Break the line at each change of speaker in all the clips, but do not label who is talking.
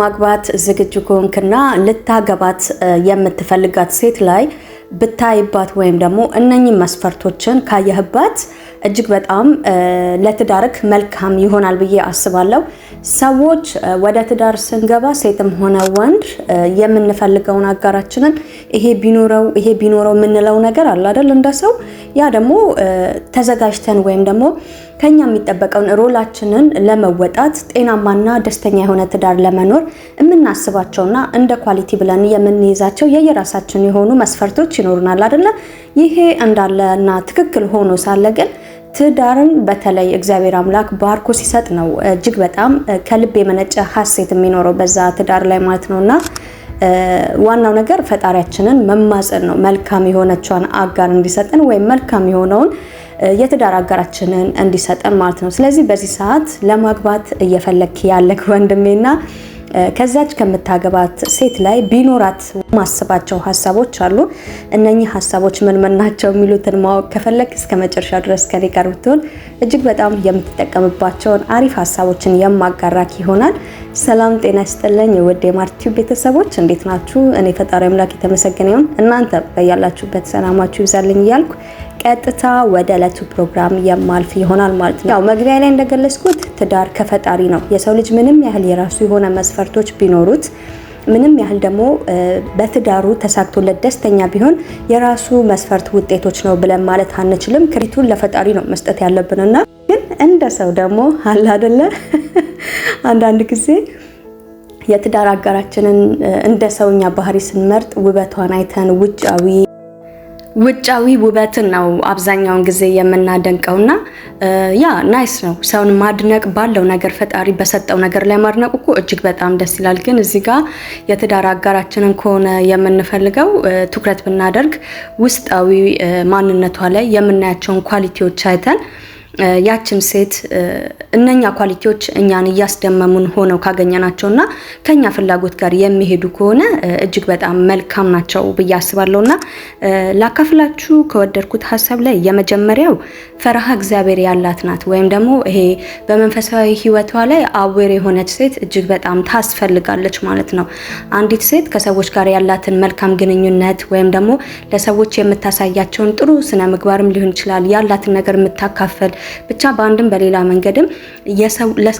ማግባት ዝግጁ ከሆንክና ልታገባት የምትፈልጋት ሴት ላይ ብታይባት ወይም ደግሞ እነኚህ መስፈርቶችን ካየህባት እጅግ በጣም ለትዳርክ መልካም ይሆናል ብዬ አስባለሁ። ሰዎች ወደ ትዳር ስንገባ ሴትም ሆነ ወንድ የምንፈልገውን አጋራችንን ይሄ ቢኖረው ይሄ ቢኖረው የምንለው ነገር አለ አይደል? እንደ ሰው ያ ደግሞ ተዘጋጅተን ወይም ደግሞ ከኛ የሚጠበቀውን ሮላችንን ለመወጣት ጤናማና ደስተኛ የሆነ ትዳር ለመኖር የምናስባቸውና እንደ ኳሊቲ ብለን የምንይዛቸው የየራሳችን የሆኑ መስፈርቶች ይኖሩናል አይደለ? ይሄ እንዳለና ትክክል ሆኖ ሳለ ግን ትዳርን በተለይ እግዚአብሔር አምላክ ባርኮ ሲሰጥ ነው እጅግ በጣም ከልብ የመነጨ ሀሴት የሚኖረው በዛ ትዳር ላይ ማለት ነው እና ዋናው ነገር ፈጣሪያችንን መማፀን ነው። መልካም የሆነቿን አጋር እንዲሰጠን ወይም መልካም የሆነውን የትዳር አጋራችንን እንዲሰጠን ማለት ነው። ስለዚህ በዚህ ሰዓት ለማግባት እየፈለክ ያለክ ወንድሜና ከዛች ከምታገባት ሴት ላይ ቢኖራት ማስባቸው ሀሳቦች አሉ። እነኚህ ሀሳቦች ምን ምን ናቸው የሚሉትን ማወቅ ከፈለግ እስከ መጨረሻ ድረስ ከኔ ጋር ብትሆን እጅግ በጣም የምትጠቀምባቸውን አሪፍ ሀሳቦችን የማጋራክ ይሆናል። ሰላም ጤና ይስጥልኝ ውድ የማርቲው ቤተሰቦች እንዴት ናችሁ? እኔ ፈጣሪ አምላክ የተመሰገነ ይሁን። እናንተ በያላችሁበት ሰላማችሁ ይብዛልኝ እያልኩ ቀጥታ ወደ ዕለቱ ፕሮግራም የማልፍ ይሆናል ማለት ነው። ያው መግቢያ ላይ እንደገለጽኩት ትዳር ከፈጣሪ ነው። የሰው ልጅ ምንም ያህል የራሱ የሆነ መስፈርቶች ቢኖሩት ምንም ያህል ደግሞ በትዳሩ ተሳክቶለት ደስተኛ ቢሆን የራሱ መስፈርት ውጤቶች ነው ብለን ማለት አንችልም። ክሪቱን ለፈጣሪ ነው መስጠት ያለብንና ግን እንደ ሰው ደግሞ አለ አይደለ አንዳንድ ጊዜ የትዳር አጋራችንን እንደ ሰውኛ ባህሪ ስንመርጥ ውበቷን አይተን ውጫዊ ውጫዊ ውበትን ነው አብዛኛውን ጊዜ የምናደንቀው እና ያ ናይስ ነው። ሰውን ማድነቅ ባለው ነገር ፈጣሪ በሰጠው ነገር ላይ ማድነቁ እኮ እጅግ በጣም ደስ ይላል። ግን እዚህ ጋር የትዳር አጋራችንን ከሆነ የምንፈልገው ትኩረት ብናደርግ ውስጣዊ ማንነቷ ላይ የምናያቸውን ኳሊቲዎች አይተን ያችም ሴት እነኛ ኳሊቲዎች እኛን እያስደመሙን ሆነው ካገኘናቸው እና ከኛ ፍላጎት ጋር የሚሄዱ ከሆነ እጅግ በጣም መልካም ናቸው ብዬ አስባለሁ እና ላካፍላችሁ ከወደድኩት ሀሳብ ላይ የመጀመሪያው ፈረሃ እግዚአብሔር ያላት ናት ወይም ደግሞ ይሄ በመንፈሳዊ ሕይወቷ ላይ አዌር የሆነች ሴት እጅግ በጣም ታስፈልጋለች ማለት ነው። አንዲት ሴት ከሰዎች ጋር ያላትን መልካም ግንኙነት ወይም ደግሞ ለሰዎች የምታሳያቸውን ጥሩ ስነ ምግባርም ሊሆን ይችላል ያላትን ነገር የምታካፈል ብቻ በአንድም በሌላ መንገድም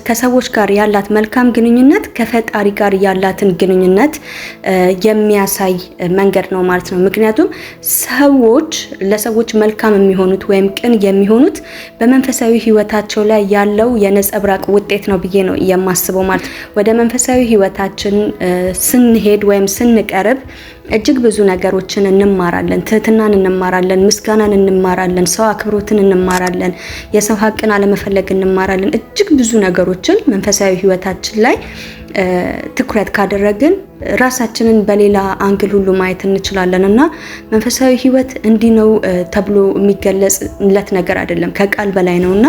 ከሰዎች ጋር ያላት መልካም ግንኙነት ከፈጣሪ ጋር ያላትን ግንኙነት የሚያሳይ መንገድ ነው ማለት ነው። ምክንያቱም ሰዎች ለሰዎች መልካም የሚሆኑት ወይም ቅን የሚሆኑት በመንፈሳዊ ሕይወታቸው ላይ ያለው የነጸብራቅ ውጤት ነው ብዬ ነው የማስበው ማለት ወደ መንፈሳዊ ሕይወታችን ስንሄድ ወይም ስንቀርብ እጅግ ብዙ ነገሮችን እንማራለን። ትህትናን እንማራለን፣ ምስጋናን እንማራለን፣ ሰው አክብሮትን እንማራለን፣ የሰው ሀቅን አለመፈለግ እንማራለን። እጅግ ብዙ ነገሮችን መንፈሳዊ ህይወታችን ላይ ትኩረት ካደረግን ራሳችንን በሌላ አንግል ሁሉ ማየት እንችላለን እና መንፈሳዊ ህይወት እንዲህ ነው ተብሎ የሚገለጽለት ነገር አይደለም፣ ከቃል በላይ ነው እና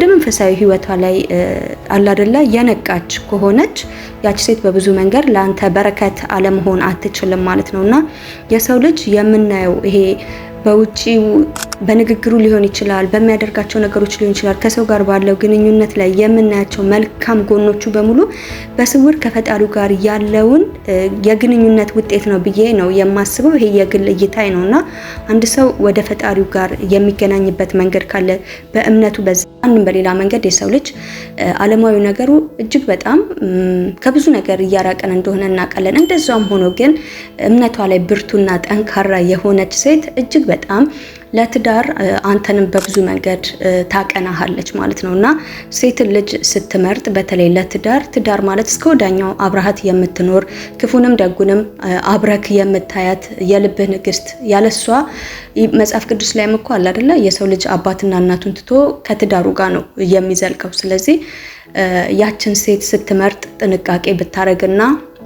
ወደ መንፈሳዊ ህይወቷ ላይ አላደላ የነቃች ከሆነች ያች ሴት በብዙ መንገድ ለአንተ በረከት አለመሆን አትችልም ማለት ነው እና የሰው ልጅ የምናየው ይሄ በውጪው በንግግሩ ሊሆን ይችላል፣ በሚያደርጋቸው ነገሮች ሊሆን ይችላል። ከሰው ጋር ባለው ግንኙነት ላይ የምናያቸው መልካም ጎኖቹ በሙሉ በስውር ከፈጣሪው ጋር ያለውን የግንኙነት ውጤት ነው ብዬ ነው የማስበው። ይሄ የግል እይታይ ነው እና አንድ ሰው ወደ ፈጣሪው ጋር የሚገናኝበት መንገድ ካለ በእምነቱ በዚ አንድም በሌላ መንገድ የሰው ልጅ አለማዊ ነገሩ እጅግ በጣም ከብዙ ነገር እያራቀን እንደሆነ እናውቃለን። እንደዛም ሆኖ ግን እምነቷ ላይ ብርቱና ጠንካራ የሆነች ሴት እጅግ በጣም ለትዳር አንተንም በብዙ መንገድ ታቀናሃለች ማለት ነው እና ሴትን ልጅ ስትመርጥ በተለይ ለትዳር ትዳር ማለት እስከ ወዳኛው አብረሃት የምትኖር ክፉንም ደጉንም አብረክ የምታያት የልብህ ንግስት ያለሷ መጽሐፍ ቅዱስ ላይ ምኮ አለ አደለ? የሰው ልጅ አባትና እናቱን ትቶ ከትዳሩ ጋር ነው የሚዘልቀው ስለዚህ ያችን ሴት ስትመርጥ ጥንቃቄ ብታደርግና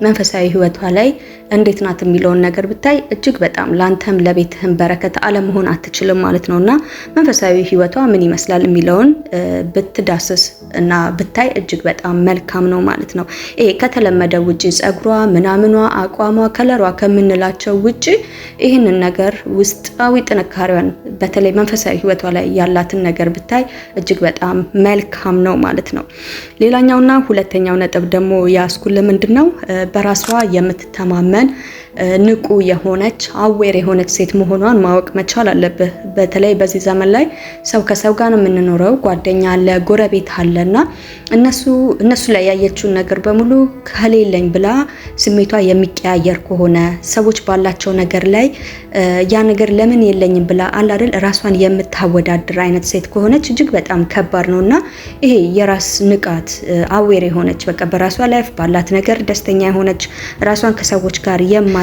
መንፈሳዊ ህይወቷ ላይ እንዴት ናት የሚለውን ነገር ብታይ እጅግ በጣም ላንተም ለቤትህም በረከት አለመሆን አትችልም ማለት ነው እና መንፈሳዊ ህይወቷ ምን ይመስላል የሚለውን ብትዳስስ እና ብታይ እጅግ በጣም መልካም ነው ማለት ነው። ይሄ ከተለመደ ውጪ ጸጉሯ፣ ምናምኗ፣ አቋሟ፣ ከለሯ ከምንላቸው ውጪ ይህንን ነገር ውስጣዊ ጥንካሬዋን በተለይ መንፈሳዊ ህይወቷ ላይ ያላትን ነገር ብታይ እጅግ በጣም መልካም ነው ማለት ነው። ሌላኛውና ሁለተኛው ነጥብ ደግሞ ያስኩል ምንድን ነው በራሷ የምትተማመን ንቁ የሆነች አዌር የሆነች ሴት መሆኗን ማወቅ መቻል አለብህ። በተለይ በዚህ ዘመን ላይ ሰው ከሰው ጋር ነው የምንኖረው። ጓደኛ አለ፣ ጎረቤት አለ እና እነሱ እነሱ ላይ ያየችውን ነገር በሙሉ ከሌለኝ ብላ ስሜቷ የሚቀያየር ከሆነ ሰዎች ባላቸው ነገር ላይ ያ ነገር ለምን የለኝም ብላ አላደል ራሷን የምታወዳድር አይነት ሴት ከሆነች እጅግ በጣም ከባድ ነው እና ይሄ የራስ ንቃት አዌር የሆነች በቃ በራሷ ላይፍ ባላት ነገር ደስተኛ የሆነች ራሷን ከሰዎች ጋር የማ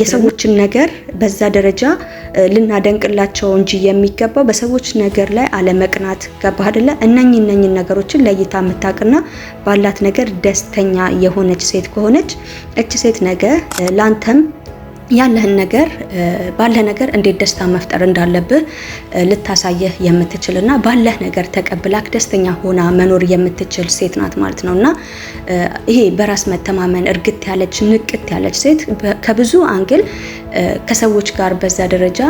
የሰዎችን ነገር በዛ ደረጃ ልናደንቅላቸው እንጂ የሚገባው በሰዎች ነገር ላይ አለመቅናት። ገባህ አይደለ? እነኝ እነኝን ነገሮችን ለይታ የምታውቅና ባላት ነገር ደስተኛ የሆነች ሴት ከሆነች እች ሴት ነገ ላንተም ያለህን ነገር ባለህ ነገር እንዴት ደስታ መፍጠር እንዳለብህ ልታሳየህ የምትችል እና ባለህ ነገር ተቀብላክ ደስተኛ ሆና መኖር የምትችል ሴት ናት ማለት ነው እና ይሄ በራስ መተማመን እርግት ያለች ንቅት ያለች ሴት ከብዙ አንግል ከሰዎች ጋር በዛ ደረጃ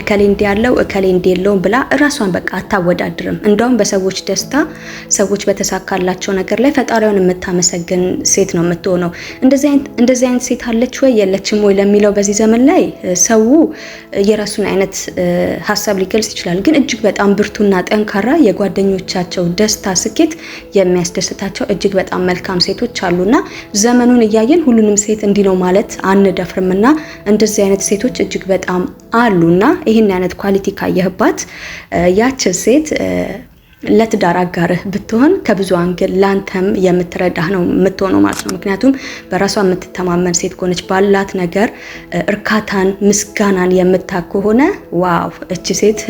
እከሌ እንዲ ያለው እከሌ እንዲ የለውም ብላ እራሷን በቃ አታወዳድርም። እንደውም በሰዎች ደስታ፣ ሰዎች በተሳካላቸው ነገር ላይ ፈጣሪውን የምታመሰግን ሴት ነው የምትሆነው። እንደዚህ አይነት ሴት አለች ወይ የለችም ወይ ለሚለው በዚህ ዘመን ላይ ሰው የራሱን አይነት ሀሳብ ሊገልጽ ይችላል። ግን እጅግ በጣም ብርቱና ጠንካራ የጓደኞቻቸው ደስታ፣ ስኬት የሚያስደስታቸው እጅግ በጣም መልካም ሴቶች አሉና ዘመኑን እያየን ሁሉንም ሴት እንዲህ ነው ማለት አንደፍርምና እንደዚህ አይነት ሴቶች እጅግ በጣም አሉና ይህን አይነት ኳሊቲ ካየህባት ያች ሴት ለትዳር አጋርህ ብትሆን ከብዙ አንግል ላንተም የምትረዳህ ነው የምትሆነው ማለት ነው። ምክንያቱም በራሷ የምትተማመን ሴት ከሆነች ባላት ነገር እርካታን፣ ምስጋናን የምታክ ከሆነ ዋው እቺ ሴት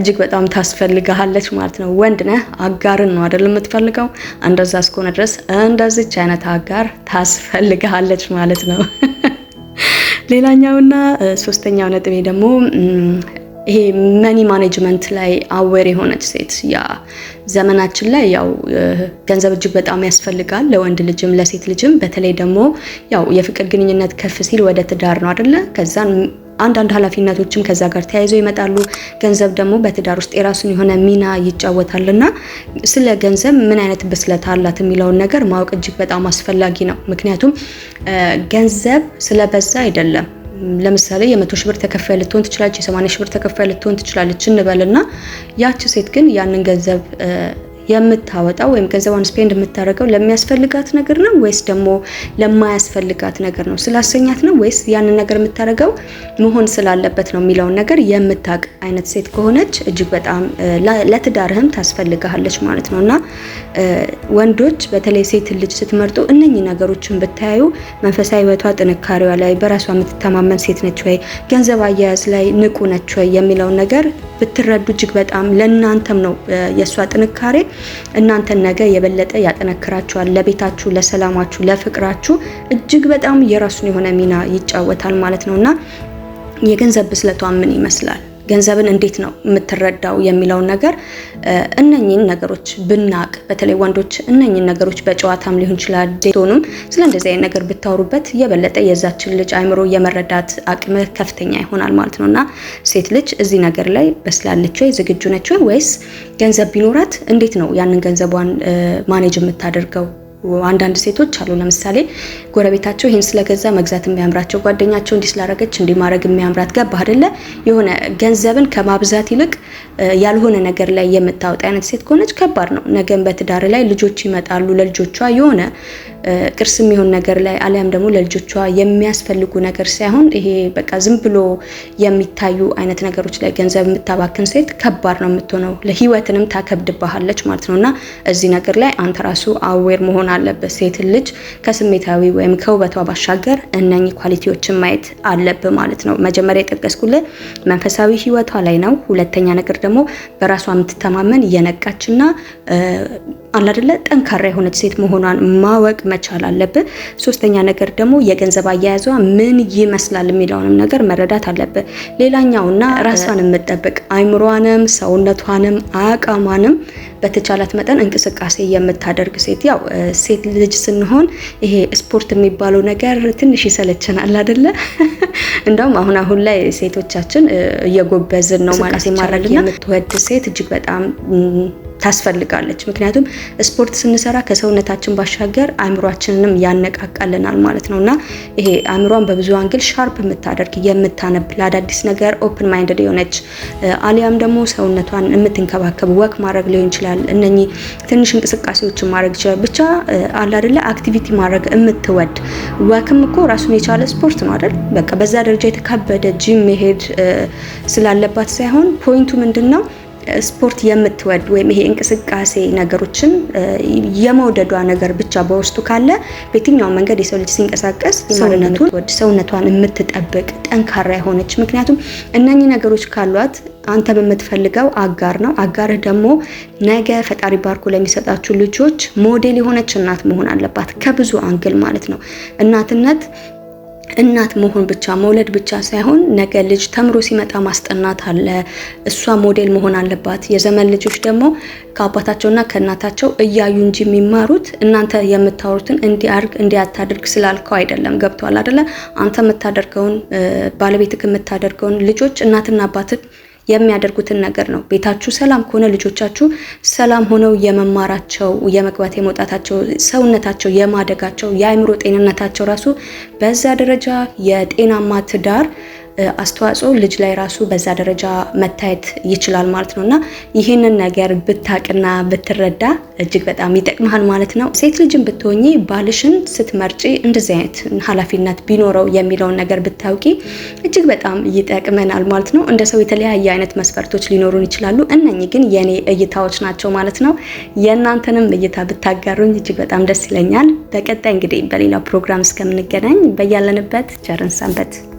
እጅግ በጣም ታስፈልግሃለች ማለት ነው። ወንድ ነህ አጋርን ነው አይደል የምትፈልገው? እንደዛ እስከሆነ ድረስ እንደዚች አይነት አጋር ታስፈልግሃለች ማለት ነው። ሌላኛውና ሶስተኛው ነጥቤ ደግሞ ይሄ መኒ ማኔጅመንት ላይ አዌር የሆነች ሴት ያ ዘመናችን ላይ ያው ገንዘብ እጅግ በጣም ያስፈልጋል ለወንድ ልጅም ለሴት ልጅም። በተለይ ደግሞ ያው የፍቅር ግንኙነት ከፍ ሲል ወደ ትዳር ነው አደለ? ከዛን አንዳንድ ኃላፊነቶችም ከዛ ጋር ተያይዘው ይመጣሉ። ገንዘብ ደግሞ በትዳር ውስጥ የራሱን የሆነ ሚና ይጫወታል እና ስለ ገንዘብ ምን አይነት ብስለት አላት የሚለውን ነገር ማወቅ እጅግ በጣም አስፈላጊ ነው። ምክንያቱም ገንዘብ ስለበዛ አይደለም ለምሳሌ የመቶ ሺህ ብር ተከፋይ ልትሆን ትችላለች። የሰማንያ ሺህ ብር ተከፋይ ልትሆን ትችላለች እንበልና ያቺ ሴት ግን ያንን ገንዘብ የምታወጣው ወይም ገንዘቧን ስፔንድ የምታደርገው ለሚያስፈልጋት ነገር ነው ወይስ ደግሞ ለማያስፈልጋት ነገር ነው? ስላሰኛት ነው ወይስ ያንን ነገር የምታደርገው መሆን ስላለበት ነው የሚለውን ነገር የምታውቅ አይነት ሴት ከሆነች እጅግ በጣም ለትዳርህም ታስፈልግሃለች ማለት ነው እና ወንዶች በተለይ ሴት ልጅ ስትመርጡ እነኚህ ነገሮችን ብታዩ መንፈሳዊ ህይወቷ፣ ጥንካሬዋ ላይ በራሷ የምትተማመን ሴት ነች ወይ፣ ገንዘብ አያያዝ ላይ ንቁ ነች ወይ የሚለውን ነገር ብትረዱ እጅግ በጣም ለእናንተም ነው የእሷ ጥንካሬ እናንተን ነገ የበለጠ ያጠነክራችኋል። ለቤታችሁ፣ ለሰላማችሁ፣ ለፍቅራችሁ እጅግ በጣም የራሱን የሆነ ሚና ይጫወታል ማለት ነው እና የገንዘብ ብስለቷ ምን ይመስላል? ገንዘብን እንዴት ነው የምትረዳው የሚለውን ነገር እነኝን ነገሮች ብናቅ፣ በተለይ ወንዶች እነኝን ነገሮች በጨዋታም ሊሆን ይችላል ሆኑም ስለ እንደዚህ አይነት ነገር ብታወሩበት የበለጠ የዛችን ልጅ አይምሮ የመረዳት አቅም ከፍተኛ ይሆናል ማለት ነው እና ሴት ልጅ እዚህ ነገር ላይ በስላለች ወይ ዝግጁ ነች ወይ ወይስ ገንዘብ ቢኖራት እንዴት ነው ያንን ገንዘቧን ማኔጅ የምታደርገው አንዳንድ ሴቶች አሉ። ለምሳሌ ጎረቤታቸው ይህን ስለገዛ መግዛት የሚያምራቸው፣ ጓደኛቸው እንዲህ ስላረገች እንዲህ ማድረግ የሚያምራት ገባ አይደለ? የሆነ ገንዘብን ከማብዛት ይልቅ ያልሆነ ነገር ላይ የምታወጣ አይነት ሴት ከሆነች ከባድ ነው። ነገን በትዳር ላይ ልጆች ይመጣሉ። ለልጆቿ የሆነ ቅርስ የሚሆን ነገር ላይ አሊያም ደግሞ ለልጆቿ የሚያስፈልጉ ነገር ሳይሆን ይሄ በቃ ዝም ብሎ የሚታዩ አይነት ነገሮች ላይ ገንዘብ የምታባክን ሴት ከባድ ነው የምትሆነው። ለህይወትንም ታከብድባሃለች ማለት ነው እና እዚህ ነገር ላይ አንተ ራሱ አዌር መሆን አለበት። ሴት ልጅ ከስሜታዊ ወይም ከውበቷ ባሻገር እነኚህ ኳሊቲዎችን ማየት አለብ ማለት ነው። መጀመሪያ የጠቀስኩልህ መንፈሳዊ ህይወቷ ላይ ነው። ሁለተኛ ነገር ደግሞ በራሷ የምትተማመን የነቃችና አላደለ ጠንካራ የሆነች ሴት መሆኗን ማወቅ መቻል አለብህ። ሶስተኛ ነገር ደግሞ የገንዘብ አያያዟ ምን ይመስላል የሚለውንም ነገር መረዳት አለብህ። ሌላኛውና ራሷን የምጠብቅ አይምሯንም፣ ሰውነቷንም፣ አቋሟንም በተቻላት መጠን እንቅስቃሴ የምታደርግ ሴት። ያው ሴት ልጅ ስንሆን ይሄ ስፖርት የሚባለው ነገር ትንሽ ይሰለችናል አይደለ? እንደውም አሁን አሁን ላይ ሴቶቻችን እየጎበዝን ነው ማለት የማድረግ የምትወድ ሴት እጅግ በጣም ታስፈልጋለች። ምክንያቱም ስፖርት ስንሰራ ከሰውነታችን ባሻገር አእምሯችንንም ያነቃቃልናል ማለት ነው እና ይሄ አእምሯን በብዙ አንግል ሻርፕ የምታደርግ የምታነብ፣ ለአዳዲስ ነገር ኦፕን ማይንድድ የሆነች አሊያም ደግሞ ሰውነቷን የምትንከባከብ ወክ ማድረግ ሊሆን ይችላል። እነኚህ ትንሽ እንቅስቃሴዎችን ማድረግ ይችላል። ብቻ አለ አይደለ አክቲቪቲ ማድረግ የምትወድ ወክም እኮ ራሱን የቻለ ስፖርት ነው አይደል? በቃ በዛ ደረጃ የተካበደ ጂም መሄድ ስላለባት ሳይሆን ፖይንቱ ምንድን ነው? ስፖርት የምትወድ ወይም ይሄ እንቅስቃሴ ነገሮችን የመውደዷ ነገር ብቻ በውስጡ ካለ በየትኛውም መንገድ የሰው ልጅ ሲንቀሳቀስ ሰውነቱን ሰውነቷን የምትጠብቅ ጠንካራ የሆነች ምክንያቱም እነኚህ ነገሮች ካሏት አንተ በምትፈልገው አጋር ነው። አጋርህ ደግሞ ነገ ፈጣሪ ባርኮ ለሚሰጣችሁ ልጆች ሞዴል የሆነች እናት መሆን አለባት፣ ከብዙ አንግል ማለት ነው። እናትነት እናት መሆን ብቻ መውለድ ብቻ ሳይሆን ነገ ልጅ ተምሮ ሲመጣ ማስጠናት አለ። እሷ ሞዴል መሆን አለባት። የዘመን ልጆች ደግሞ ከአባታቸውና ከእናታቸው እያዩ እንጂ የሚማሩት እናንተ የምታወሩትን እንዲያርግ እንዲያታድርግ ስላልከው አይደለም። ገብቷል አደለ? አንተ የምታደርገውን ባለቤትክ የምታደርገውን ልጆች እናትና አባትህ የሚያደርጉትን ነገር ነው። ቤታችሁ ሰላም ከሆነ ልጆቻችሁ ሰላም ሆነው የመማራቸው የመግባት የመውጣታቸው ሰውነታቸው የማደጋቸው የአእምሮ ጤንነታቸው ራሱ በዛ ደረጃ የጤናማ ትዳር አስተዋጽኦ ልጅ ላይ ራሱ በዛ ደረጃ መታየት ይችላል ማለት ነው እና ይህንን ነገር ብታቅና ብትረዳ እጅግ በጣም ይጠቅመሃል ማለት ነው። ሴት ልጅን ብትሆኚ ባልሽን ስትመርጪ እንደዚህ አይነት ኃላፊነት ቢኖረው የሚለውን ነገር ብታውቂ እጅግ በጣም ይጠቅመናል ማለት ነው። እንደ ሰው የተለያየ አይነት መስፈርቶች ሊኖሩን ይችላሉ። እነኚህ ግን የኔ እይታዎች ናቸው ማለት ነው። የእናንተንም እይታ ብታጋሩኝ እጅግ በጣም ደስ ይለኛል። በቀጣይ እንግዲህ በሌላ ፕሮግራም እስከምንገናኝ በያለንበት ቸርን ሰንበት